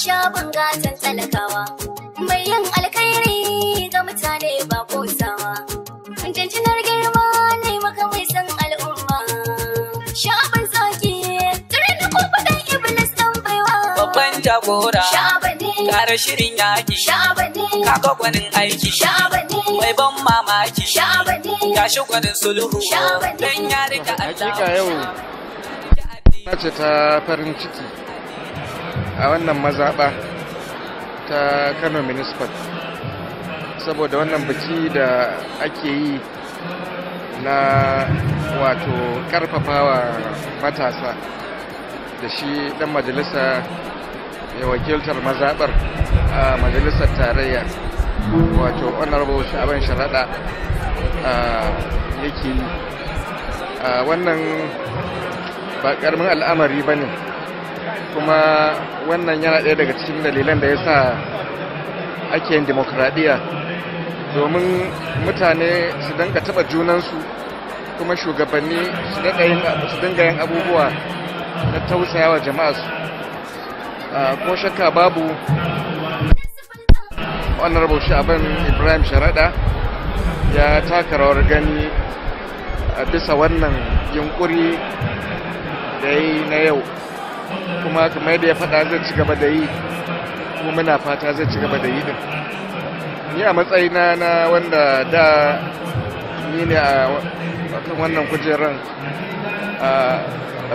sha bangatan talakawa mai yin alkhairi ga mutane ba kosawa jinjinar girma ne makamai san al'umma sha'aban zaki tare da kofadan iblis dan baiwa babban jagora kare shirin yaki sha'abane gwanin aiki mai ban mamaki sha'abane gashi gwanin sulhu don dan ya rika Allah yau ce ta farin ciki a wannan mazaɓa ta kano municipal saboda wannan biki da ake yi na wato karfafawa matasa da shi dan majalisa ya wakiltar mazaɓar a majalisar tarayya wato honorable sha'aban sharaɗa yake yi a wannan ba ƙaramin al'amari ba ne kuma wannan yana ɗaya daga cikin dalilan da ya sa ake yin demokradiyya domin mutane su dinga taɓa junansu kuma shugabanni su dinga yin abubuwa na tausaya wa jama'a su ko shakka babu wannan honorable shaban ibrahim sharaɗa ya taka rawar gani a bisa wannan yunkuri da yi na yau kuma kamar da ya faɗa zai ci gaba da yi kuma muna fata zai ci gaba da yi din ni a matsayina na wanda da ni ne a kan wannan kujeran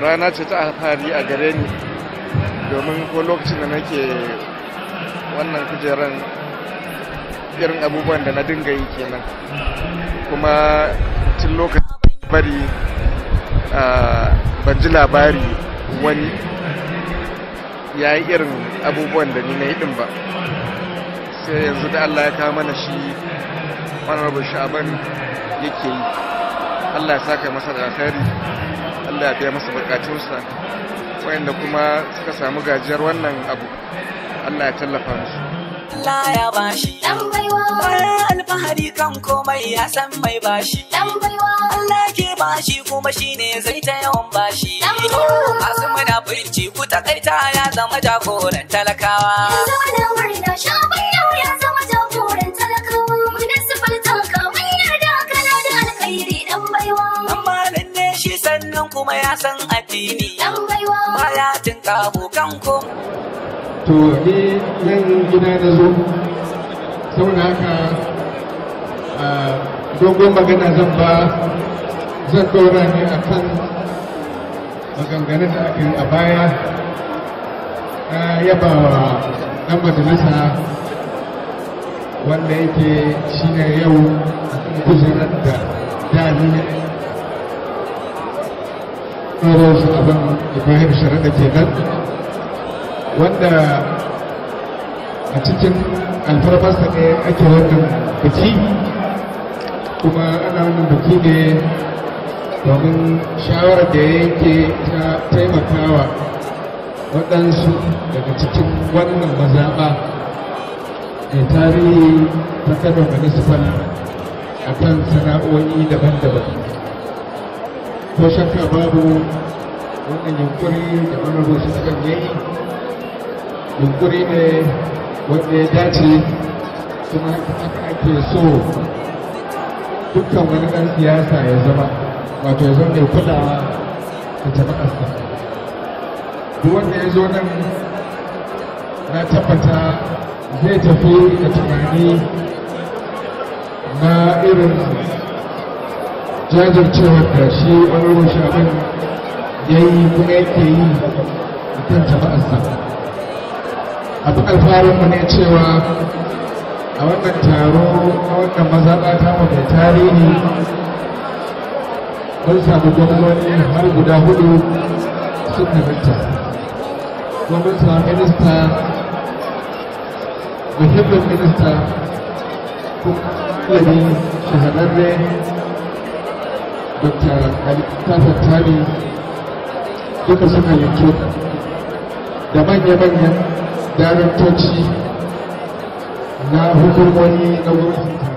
rana ce ta alfahari a gare ni domin ko lokacin da nake wannan kujeran irin abubuwan da na dinga yi kenan kuma tun lokacin bari ban ji labari wani ya yi irin abubuwan da ni na yi ɗin ba sai yanzu da allah ya kawo mana shi honorable shaban yake yi allah ya saka masa da alkhairi allah ya biya masa bukatunsa wayanda kuma suka samu gajiyar wannan abu allah ya tallafa musu Allah ya bashi dan baiwa bayan alfahari kan komai ya san mai bashi dan Allah ke bashi kuma shine zai ta yawan bashi dan abinci kuta kaita ya zama jagoran talakawa. ya zama jagoran talakawa. da alkhairi dan baiwa. ne sannan kuma ya san addini. Dan baiwa. To ni gida na Saboda haka ah, dogon magana zan ba zan ne kan. maganganun da aka yi a baya na yaba wa ɗan majalisa wanda yake shi ne yau a kan kujerar da dani ne ɗoro su abin ibrahim sharaɗa kenan wanda a cikin alfarmarsa ne ake wannan biki kuma ana wannan biki ne domin shawarar da yanke ta taimakawa waɗansu daga cikin wannan mazaɓa mai tarihi ta kano municipal a kan sana'o'i daban-daban ko shakka babu wannan yunkuri da honorable su kan yayi yunkuri ne wanda ya dace kuma haka ake so dukkan wani ɗan siyasa ya zama wato ya zo kula da jama'arsa duk wanda ya zo nan na tabbata zai tafi da tunani na irin jajircewar da shi wani shabin ya yi kuma yake yi a kan jama'arsa abu mu ne cewa a wannan taro a wannan ɗata ta mai tarihi mun samu gwamnoni har guda hudu sun fahimta gwamnati samu minista muhimmin minista kuma shahararre dr alikatar tari duka suka yanke da manya-manyan daraktoci na hukumomi na gwamnati